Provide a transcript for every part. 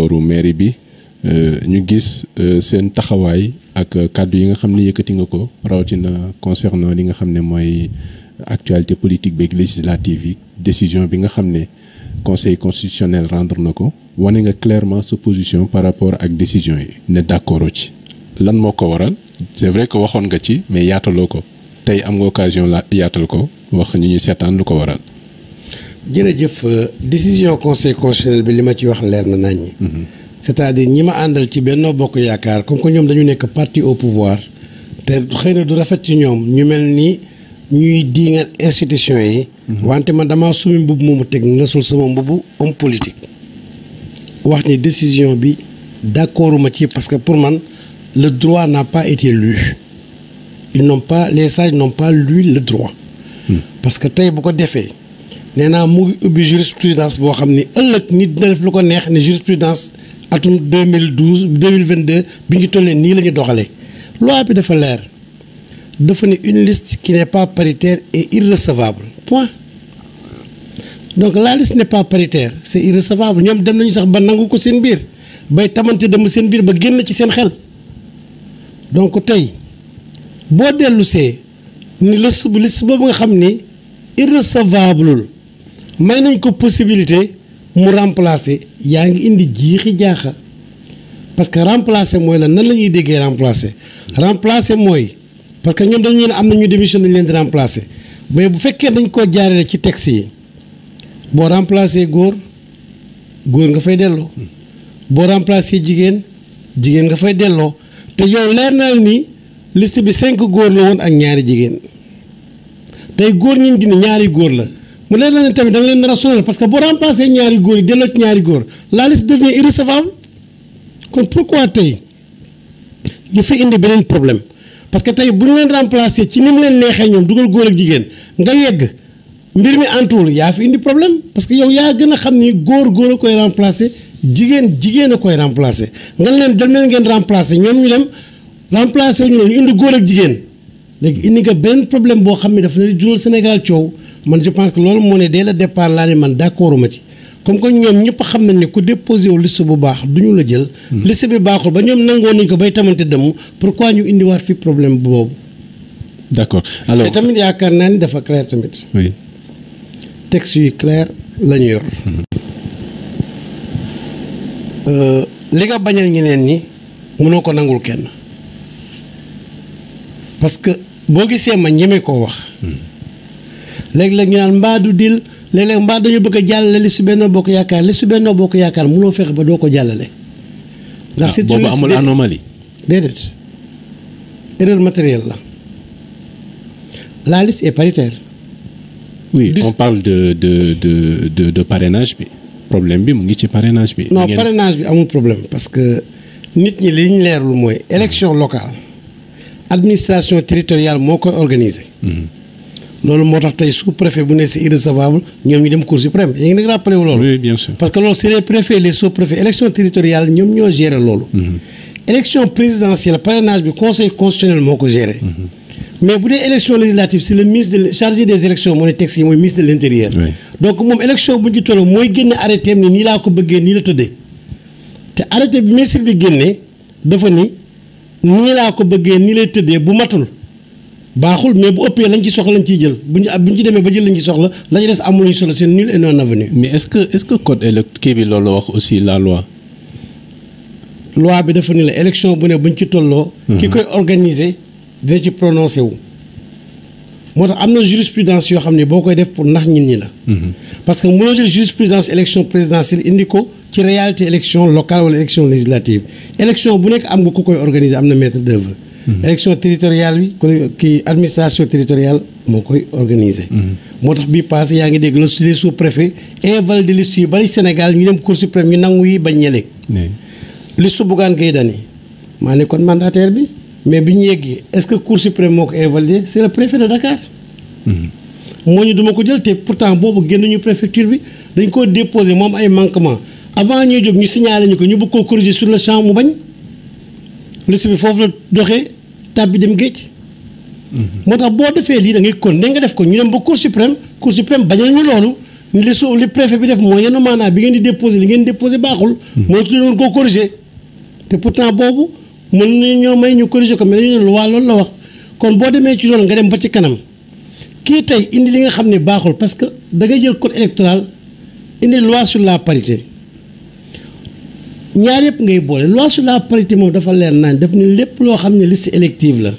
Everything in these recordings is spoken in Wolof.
booru mairie bi euh, ñu gis euh, seen taxawaay ak euh, kàddu yi nga xam ne yëkkati nga ko rawatina concernant li nga xam ne mooy actualité politique beeg législative yi décision bi nga xam ne conseil constitutionnel rendre na ko wane nga clairement sa position par rapport ak décision yi ne d'accord ci lan moo ko waral c'est vrai que waxoon nga ci mais yaataloo ko tey am nga occasion la yaatal ko wax ñu ñuy seetaan lu ko waral jërëjëf euh, décision conseil constitutionnel bi li ma ci wax leer na naññi. Mhm. c'est-à-dire ñi ma àndal ci Benno Bokk Yaakaar comme que ñoom dañu nekk parti au pouvoir te xëy na du rafet ci ñoom ñu mel ni ñuy diingal institution yi. Mhm. wante man dama sumi mbubb moomu teg na sul sama mbubb homme politique. wax ni décision bi d'accord ma ci parce que pour man le droit n'a pas été lu ils n'ont pas les sages n'ont pas lu le droit. Hmm. parce que tey bu ko defee. nee naa mu ngi ubbi jurisprudence boo xam ni ëllëg nit dina def lu ko neex ne jurisprudence atum 2012 deux bi ñu tollee nii la ñu doxalee loi bi dafa leer dafa ne une liste qui n'est pas paritaire est irrecevable point donc la liste n'est pas paritaire c'est irrecevable ñoom dem nañu sax ba nangu ko seen biir bay tamante dem seen biir ba génn ci seen xel donc tey boo dellusee ni liste liste boobu nga xam ni irrecevable may nañ ko possibilité mu remplacer yaa ngi indi jiixi jaaxa parce que remplacer mooy la nan la ñuy déggee remplacer remplacer mooy parce que ñoom dañu ne am na ñu démission dañu leen di remplacer mais bu fekkee dañ koo jaarale ci texte yi boo remplacer góor góor nga fay delloo boo remplacer jigéen jigéen nga fay delloo te yow leer na ni liste bi cinq góor la ak ñaari jigéen tey góor ñi dina ñaari góor la. mu leer la ne tamit da leen nar a sonal parce que boo remplacé ñaari góor yi delloo ci ñaari góor la liste devient irrecevable kon pourquoi tey ñu fi indi beneen problème parce que tey bu ñu leen remplacé ci ni mu leen neexee ñoom dugal góor ak jigéen nga yegg mbir mi antuwul yaa fi indi problème parce que yow yaa gën a xam ni góor góor a koy remplacé jigéen jigéen a koy remplacé nga leen dem leen ngeen remplacé ñoom ñu dem remplacé ñu leen ñu indi góor ak jigéen léegi indi nga benn problème boo xam ne dafa leen jural Sénégal coow. man je pense que loolu moo ne dès le départ laa ne man d' accord ma ci comme que ñoom ñëpp xam na ne ku déposé wu liste bu baax du ñu la jël. Hmm. liste bi baaxul ba ñoom nangoo nañ ko bay tamante dem pourquoi ñu indiwaat fi problème boobu. d' accord alors te tamit yaakaar naa ni dafa clair tamit. oui texte yu clair la ñu yor. Euh, li nga bañal ñeneen ñi mënoo ko nangul kenn parce que boo gisee ma ñeme koo wax. Hmm. léeg-léeg ñu naan mbaa du dil léeg-léeg mbaa dañu bëgg a jàllale li su Benno Bokk Yaakaar li su Benno Bokk Yaakaar mënoo fexe ba doo ko jàllale. ndax ah, c'est boobu amul anomalie. déedéet erreur la la est paritaire. oui on parle de de de de bi problème bi mu ngi ci parrainage bi. non parrainage bi amul problème parce que nit ñi li ñu leerlu mooy élection locale administration territoriale moo koy organiser. Mhm. loolu moo tax tey sous préfet bu ne c'est irrecevable ñoom ñu dem cour suprême yaa ngi nag rappelé wu loolu. oui bien sûr parce que loolu c'est les préfets les sous préfets élection territoriale ñoom ñoo gérer loolu. Mm-hmm. élection présidentielle parrainage bi conseil constitutionnel moo ko gérer. Mm-hmm. mais bu dee élection législative c'est le ministre de chargé des élections moo ne texte yi mooy ministre de l'intérieur. donc moom élection bu ñu toll mooy génn arrêté am ne nii laa ko bëggee te arrêté bi ministre bi génnee dafa ni nii laa ko bëggee nii lay tëddee bu matul. baaxul mais bu ëppee lañ ci soxla lañ ciy jël bu ñu bu ñu demee ba jël la ñu des amul ñu solo seen nul et non avenu. mais est-ce que est-ce que code électoral kii loolu wax aussi la loi. loi bi dafa ni la élection bu ne buñ ci tolloo. Mhm. ki koy organiser dina wu. moo tax am na jurisprudence yoo xam ne boo koy def pour nax ñin ñi la. Mhm. parce que mënoo jël jurisprudence élection présidentielle indi ko ci réalité élection locale wala élection législative élection bu nekk am nga ku koy organiser am na maître d'œuvre. Mhm. élection territoriale bi kii administration teritoriale moo koy organiser. Mhm. moo tax bii passé yaa ngi dégg la les sous préfet invalide liste yu bari Sénégal ñu dem cour suprême ñu nangu yi bañ ñëleeg. liste Bougane Gueye Dany maa ne kon mandataire bi mais bi ñu yeggee est-ce que cour suprême moo ko invalidé c'est le préfet de Dakar. Mhm. moo ñu duma ko jël te pourtant boobu génn ñu préfecture bi dañ koo déposé moom ay manquement avant ñuy jóg ñu ñu ko ñu bëgg koo corriger sur le champ mu bañ. liste bi foofu la doxee tab bi dem géej. Mhm. moo tax boo defee lii da ngay kon ne nga def ko ñu dem ba cour suprême cour suprême bañal ñu loolu ñu li su li préfet bi def mooy yenn maanaam bi ngeen di déposé li ngeen di déposé baaxul. Mhm. mooy tuddee woon koo corrigé. te pourtant boobu mën nañu ñoo may ñu corrigé ko mais dañu ne waa loolu la wax kon boo demee ci loolu nga dem ba ci kanam kii tey indi li nga xam ne baaxul parce que da ngay jël code électoral indi loi sur la parité. ñaar yëpp ngay boole loi sur la parité moom dafa leer naan daf ne lépp loo xam ne liste élective la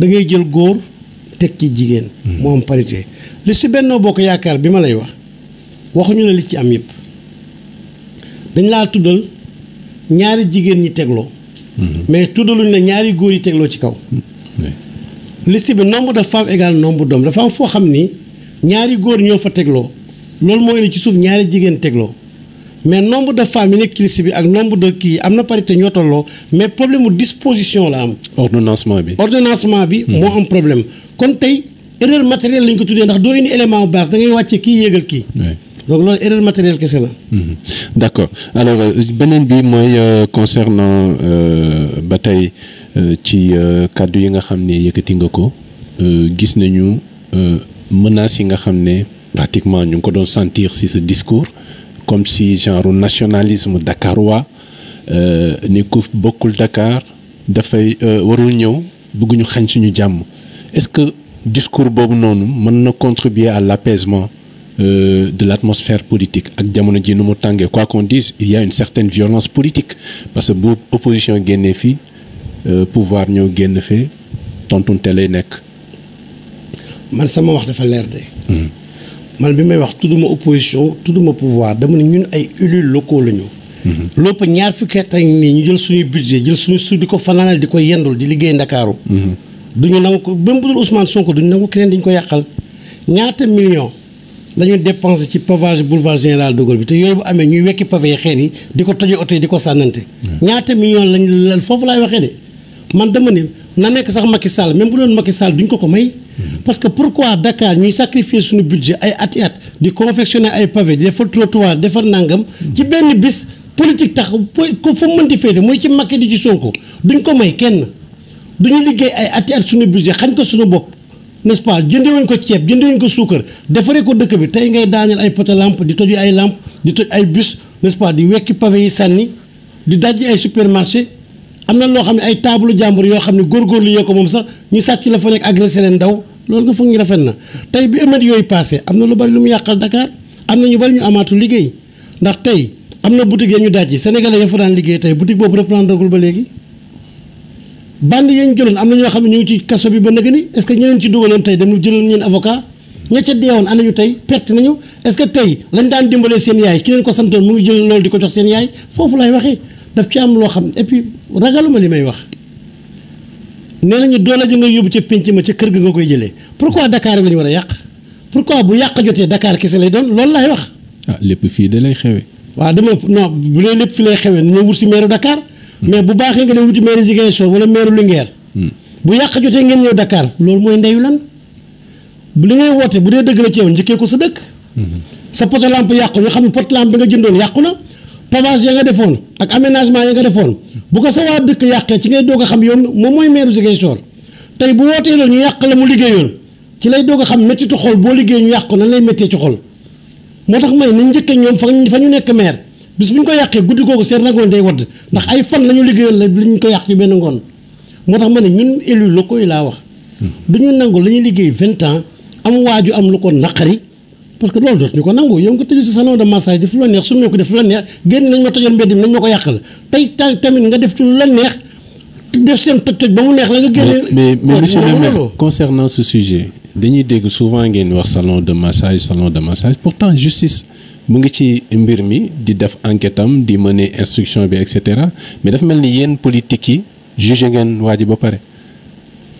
dangay jël góor teg ci jigéen. Hmm. moo am parité liste Benno Bokk Yaakaar bi ma lay wax waxuñu la li ci am yëpp dañ laa tuddal ñaari jigéen ñi tegloo. Hmm. mais tuddaluñ ne ñaari góor yi tegloo ci kaw. Hmm. liste bi nombre de femmes égal nombre d'hommes dafa am foo xam ni ñaari góor ñoo fa tegloo loolu mooy indi ci suuf ñaari jigéen tegloo. mais nombre de femmes yi nekk kilisi bi ak nombre de kii am na parité ñoo tolloo mais problème mu disposition la am. ordonnancement bi. ordonnancement bi. Hmm. moo am problème kon tey erreur matérielle lañ ko tuddee ndax doo indi élément bu base da ngay wàccee kii yéegal kii. donc loolu erreur matérielle kese la. Hmm. d' accord alors euh, beneen bi mooy euh, concernant euh, ba tey ci kàddu yi nga xam ne yëkkati nga ko gis nañu menaces yi nga xam ne pratiquement ñu ngi ko doon sentir si sa discours. comme si genre nationalisme dakarois euh, ni ku bokkul Dakar dafay euh, warul ñëw bëgguñu xañ suñu jàmm est-ce que discours boobu noonu mën na contribuer à l'apaisement Euh, de l'atmosphère politique ak jamono ji nu mu tàngee quoi qu'on dise il y a une certaine violence politique parce que bu opposition génnee fii euh, pouvoir ñëw génn fee tontunte lay nekk man sama wax dafa leer man bi may wax tudduma opposition tudduma pouvoir dama ne ñun ay élus locaux la ñu. Mhm. lépp ñaar fukki at nii ñu jël suñuy budget jël suñu su di ko fanaanal di ko yendul di liggéey Ndakaaru. Mhm. duñu nangu ko même bu dul Ousmane Sonko duñu nangu keneen dañu ko yàqal ñaata millions la ñu ci pavage boulevard général de Gaulle bi te yooyu bu amee ñuy wekki pavé xeer yi di ko toje oto yi di ko sànnante. Mhm. ñaata millions lañ foofu laay waxee de man dama ne na nekk sax Macky Sall même bu doon Macky Sall duñ ko ko may. parce que pourquoi Dakar ñuy sacrifier suñu budget ay at i at di confectionner ay pavé di defar trottoir defar nangam. ci benn bis politique tax ko fa mën di féete mooy ci Macky di ci Sonko duñ ko may kenn duñu liggéey ay at i at suñu budget xañ ko suñu bopp. n'est-ce pas jëndewuñ ko ceeb jëndewuñ ko suukar defaree ko dëkk bi tey ngay daaneel ay poto lampe di toj ay làmp di toj ay bus n'est-ce pas di wekki pavé yi di daj ay supermarché. am na loo xam ne ay taabalu jàmbur yoo xam ne góorgóorlu yee ko moom sax ñu sàcc la fa nekk agressé leen daw loolu nga foog ñu rafet na tey bi émeutes yooyu passé am na lu bari lu mu yàqal Dakar am na ñu bari ñu amaatu liggéey ndax tey am na boutique ya ñu daaj yi sénégalais ya fa daan liggéey tey boutique boobu reprendre gul ba léegi band yañ jëloon am na ñoo xam ne ñu ngi ci kaso bi ba nëgë ni est-ce que ñeneen ci dugaloon tey dem ñu jëloon ñeen avocat ña tey perte nañu daan dimbalee seen yaay ki leen ko santoon jël loolu di ko jox seen yaay foofu lay waxee daf ci am loo xam et puis ragaluma li may wax nee nañu doole ji nga yóbbu ca pénc ma ca kër gi nga koy jëlee pourquoi Dakar la ñu war a yàq pourquoi bu yàq jotee Dakar kese lay doon loolu laay wax. ah lépp fii da lay xewee. waaw dama no bu dee lépp fi lay xewee nañoo wut si meeru Dakar. Hmm. mais bu baaxee nga dem wuti meeru Ziguinchor wala meeru Linguère. Hmm. bu yàq jotee ngeen ñëw Dakar loolu mooy ndeyu lan bu li ngay woote bu dee dëgg la ci yow njëkkee ko sa dëkk. Hmm. sa poto lampe yàqu ñu xam ne pot lampe nga jëndoon yàqu pavage ya nga defoon ak aménagement ya nga defoon bu ko sa waa dëkk yàqee ci ngay doog a xam yoon moom mooy meeru Ziguinchor tey bu wootee loolu ñu yàq la mu liggéeyoon ci lay doog a xam méttitu xol boo liggéey ñu yàq ko nan lay méttee ci xol moo tax may nañ njëkkee ñoom fa ñu nekk maire bis bu ñu ko yàqee guddi googu seen ragoon day wadd ndax ay fan la ñu liggéeyoon la ñu ko yàq ci benn ngoon moo tax ma ne ñun élus locaux koy laa wax hmm. du ñu nangu la ñuy liggéey vingt ans am waaju am lu ko naqari parce que loolu dootuñu ko nangu yow nga tëju si salon de massage def lu la neex su ma ko def lu la neex génn nañ ma tojal mbedd mi nañ ma ko yàqal tey tamit nga def ci lu la neex def seen toj-toj ba mu neex la nga génne. mais mais oh, monsieur le maire concernant ce sujet dañuy dégg souvent ngeen wax salon de massage salon de massage pourtant justice mu ngi ci mbir mi di def enquête am di mener instruction bi et cetera mais dafa mel ni yéen politique yi jugé ngeen waa ji ba pare.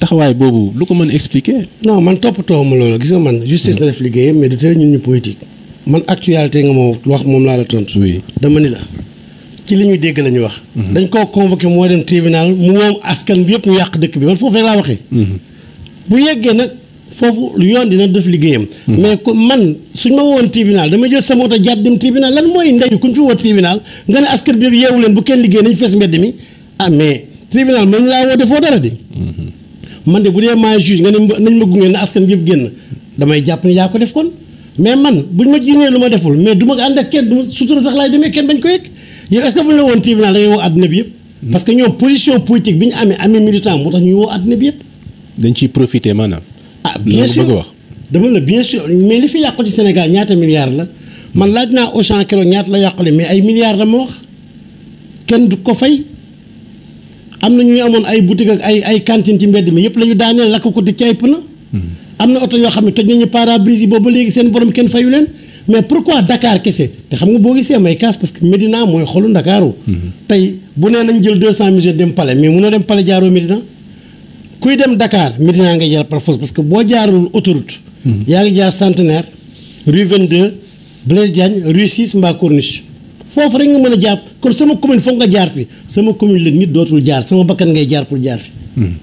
taxawaay boobu lu ko mën expliquer. non man toppatoo ma loolu gis nga man justice na def liggéeyam mais du tee ñun ñu politique. man actualité nga ma wax moom laa la tontu. oui dama ni la. ci li ñu dégg la ñu wax. Mhm. dañ koo convoqué moo dem tribunal mu moom askan bi yëpp mu yàq dëkk bi man foofu rek laa waxee. Mhm. bu yeggee nag foofu yoon dina def liggéeyam. Mhm. mais ku man suñ ma woon tribunal dama jël sama oto jàpp dem tribunal lan mooy ndeyu kuñ fi woo tribunal nga ne askan bi yëpp yeewu leen bu kenn liggéey nañ fees mbedd mi ah mais tribunal mën laa defoo dara di. man de bu dee maay juge nga ne nañ ma gunge na askan bi yëpp génn damay jàpp ne yaa ko def kon mais man buñ ma jiinee lu ma deful mais du ma ànd ak kenn du ma sutura sax laay ko yëg yow est ce que bu ñu la woon tribunal da ngay woo àdduna bi yëpp hmm. parce que ñoom position politique bi ñu amee amee militant moo tax ñu woo àdduna bi yëpp dañ ciy profité maanaam ah bien sûr wax dama la bien mais li fi yàqu ci Sénégal ñaata milliards la man laaj naa Auchan keroog ñaata la yàqule mais ay milliards la ma wax kenn du ko fay am na ñu amoon ay boutique ak ay ay cantine ci mbedd mi yëpp lañu ñu daaneel lakk ko di ci ay pneu hmm. am na oto yoo xam ne toj nañu pare-brise yi boobu léegi seen borom kenn fayu leen mais pourquoi Dakar kese te xam nga boo gisee may kaas parce que Médina mooy xolu Ndakaaru hmm. tey bu nee nañ jël 200 millions dem Palais mais munoo dem Palais jaaroo Médina kuy dem Dakar Médina nga jaar par force parce que boo jaarul autoroute hmm. yaa ngi jaar Centenaire rue 22 Blaise Diagne rue 6 mbaa Corniche foofu rek nga mën a jaar kon sama commune foog nga jaar fi sama commune la nit dootul jaar sama bakkan ngay jaar pour jaar fi. Hmm.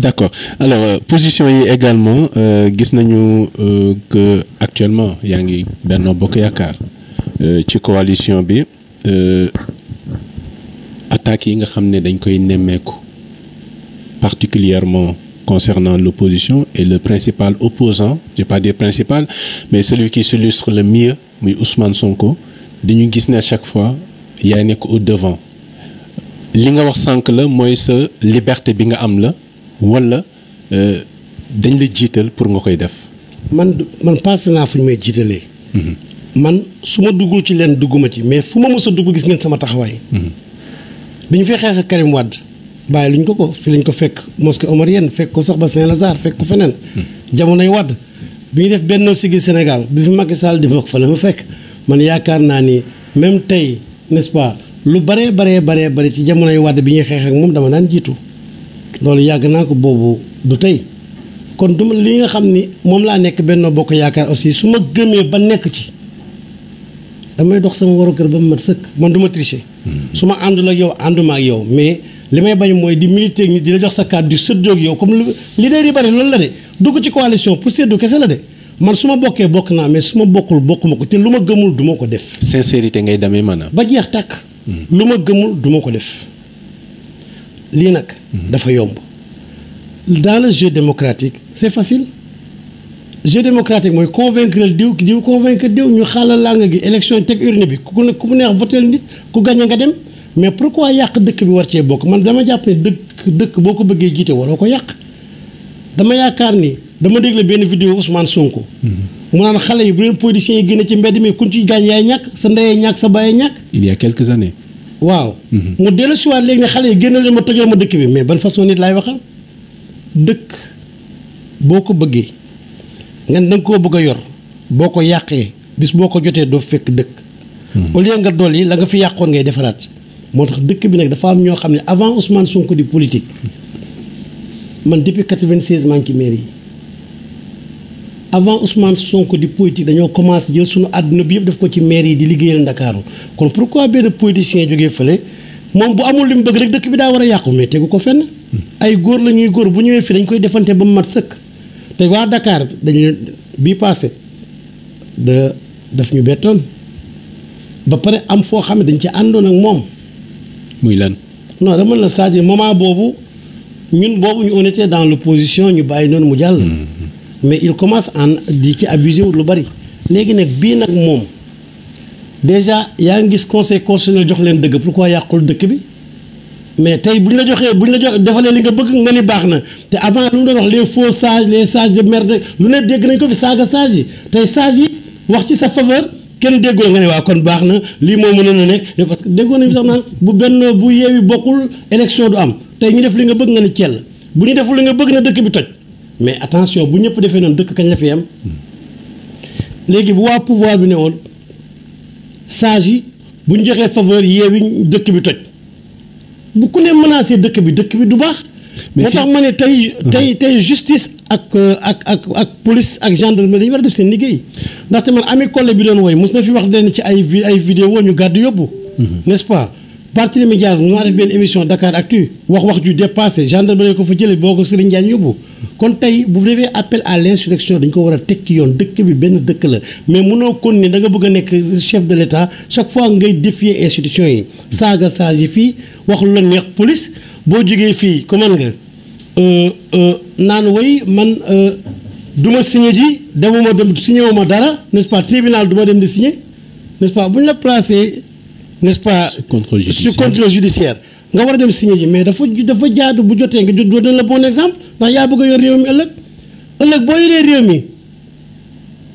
d' accord alors euh, position yi également euh, gis nañu euh, actuellement yaa ngi benn Bokk Yaakaar euh, ci coalition bi euh, attaques yi nga xam ne dañ koy nemmeeku particulièrement concernant l' opposition et le principal opposant je vais pas dire principal mais celui qui s'illustre le mieux muy Ousmane Sonko. dañu gis ne chaque fois yaay nekk de devant li nga wax sànq la mooy sa liberté bi nga am la walla euh, dañ la jiital pour nga koy def. man man passé naa fu ñu may jiitalee. Mhm. man su ma duggul ci leen dugg dugguma ci mais fu ma mës a dugg gis ngeen sama taxawaay. Mhm. bi ñu fee xeex ak Karim Wade bàyyi luñ ko ko fi lañ ko fekk mosquée Omarienne fekk ko sax ba Saint-Lazare fekk ko feneen. Mhm. jamonoy Wade bi ñu def benn sigil senegal bi fi Macky Sall di fa la ma fekk. man yaakaar naa ni même tey n'est-ce lu baree baree bare bari ci jamonoy Wade bi ñuy xeex ak moom dama daan jiitu loolu yàgg naa ko boobu du tey kon du ma li nga xam ni moom laa nekk Benno Bokk Yaakaar aussi su ma gëmee ba nekk ci damay dox sama waru kër ba mu mat sëkk man du ma tricher. Hmm. su ma àndul ak yow ànduma ak yow mais li may bañ mooy di militer nit di la jox sa kàddu di séddoo ak yow comme li li di bari loolu la de dugg ci coalition pour séddoo kese la de. man su ma bokkee bokk naa mais su ma bokkul bokk ko te lu ma gëmul duma ko def. sincérité ngay demee man a. ba jeex tàkk. Hmm. lu ma gëmul duma ko def lii nag. Hmm. dafa yomb. dans le jeu démocratique c'est facile jeu démocratique mooy convaincre diw diw convaincre diw ñu xaalal làng gi élection yi teg urne bi ku ne ku neex votel nit ku gagné nga dem mais pourquoi yàq dëkk bi war cee bokk man dama jàpp ne dëkk dëkk boo ko bëggee jiite waroo ko yàq dama yaakaar ni. dama dégle benn vidéo Ousmane Sonko. Mhm. mu naan xale yi bu leen politiciens yi génne ci mbedd mi kuñ ci gaañ yaay ñàkk sa ndeyee ñàkk sa bàyyee ñàkk. il y waaw. Mhm. mu dellu si waat léegi ne xale yi génne leen ma tojal ma dëkk bi mais ban façon nit laay waxal dëkk boo ko bëggee nga da koo bëgg a yor boo ko yàqee bis boo ko jotee doo fekk dëkk. Mhm. au lieu nga dool yi la nga fi yàqoon ngay defaraat. moo tax dëkk bi nag dafa am ñoo xam ne avant Ousmane Sonko di politique man depuis 96 maa ngi ci mairie yi. avant Ousmane Sonko di politique dañoo commencé jël suñu àdduna bi yëpp def ko ci maire yi di liggéeyal Ndakaaru kon pourquoi benn politicien jógee fële moom bu amul li mu bëgg rek dëkk bi daa war a yàqu mais tegu ko fenn. ay góor la ñuy góor bu ñëwee fii dañ koy defante ba mu mat sëkk te waa Dakar dañu bii passé de daf ñu bettoon ba pare am foo xam ne dañ ci àndoon ak moom. muy lan. non dama la Sadio moment boobu ñun boobu ñu on était dans l'opposition ñu bàyyi noonu mu jàll. Hmm. mais il commence en di ci abusé wu lu bari léegi nag bii nag moom déjà yaa ngi gis conseil constitutionnel jox leen dëgg pourquoi yàqul dëkk bi mais tey bu ñu la joxee bu ñu la jox defalee li nga bëgg nga ni baax na te avant lu mu doon wax les faux sages les sages de merde lu ne dégg nañ ko fi saaga sage yi tey sage yi wax ci sa faveur kenn déggoo nga ne waa kon baax na lii moo mën a nekk parce que déggoo nañu sax naan bu benn bu yeewi bokkul élection du am tey ñu def li nga bëgg nga ni cell bu ñu deful li nga bëgg na dëkk bi toj. mais attention bu ñëpp defee noonu dëkk kañ la fi am léegi bu waa pouvoir bi ne woon sage yi bu ñu joxee faveur yeewi dëkk bi toj bu ku ne menacé dëkk bi dëkk bi du baax. mais moo tax ma ne tey tey tey justice ak euh, ak ak ak police ak gendarmerie dañu war a def seen liggéey ndaxte man ami collègue bi doon woy mos na fi wax leen ci ay ay vidéo ñu gàdd yóbbu. n'est-ce pas. Barthélémy Dias mu naa def benn émission Dakar Actu wax wax ju dépassé gendarmerie ko fa jëlee boo ko Serigne Diagne kon tey bu defee appel à l'insurrection dañ ko war a tekki yoon dëkk bi benn dëkk la mais mënoo kon ne da nga bëgg a nekk chef de l'État chaque fois ngay défier institution yi saaga saag yi fii waxul la neex police boo jógee fii comment nga euh, euh, naan way man euh, duma ma signé ji demuma dem signé wu ma dara n'est-ce pas du ma dem di signé n'est-ce bu ñu la placé n'est-ce pas sous contrôle judiciaire nga war a dem signé ji mais dafa dafa jaadu bu jotee nga jot dana la bon exemple ndax yaa bëgg a yor réew mi ëllëg ëllëg boo yoree réew mi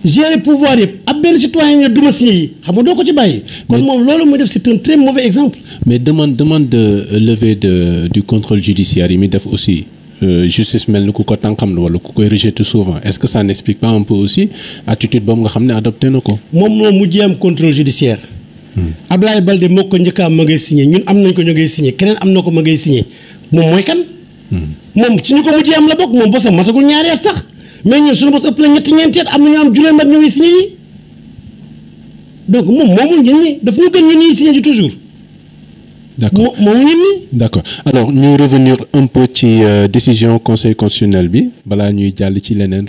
gérer pouvoir yëpp ab benn citoyen ne duma signé yi xam nga doo ko ci bàyyi. kon moom loolu muy def c'est un très mauvais exemple. mais demande demande de euh, levée de du contrôle judiciaire yi mu def aussi. Euh, justice mel ni ku ko tanqam tànqamlu wala ku koy rejeté souvent est-ce que ça n'explique pas un peu aussi attitude boobu nga xam ne adopté na ko. moom moo mujjee am contrôle judiciaire ab hmm. Ablaye Balde moo ko njëkkaam ma ngay signé ñun am nañ ko ñu ngay signé keneen am na ko ma ngay signé moom mooy kan. Hmm. moom si ñu ko mujjee am la bokk moom bosam matagul ñaari at sax mais ñun suñu bos ëpp na ñetti am na ñu am juróomi at ñu ngi signé yi donc moom moomul ñun ñi daf ñu gën ñun ñuy signé ji toujours. d'accord moom ñun ñi. d'accord alors ñu revenir un peu ci euh, décision conseil constitutionnel bi balaa ñuy jàll ci leneen.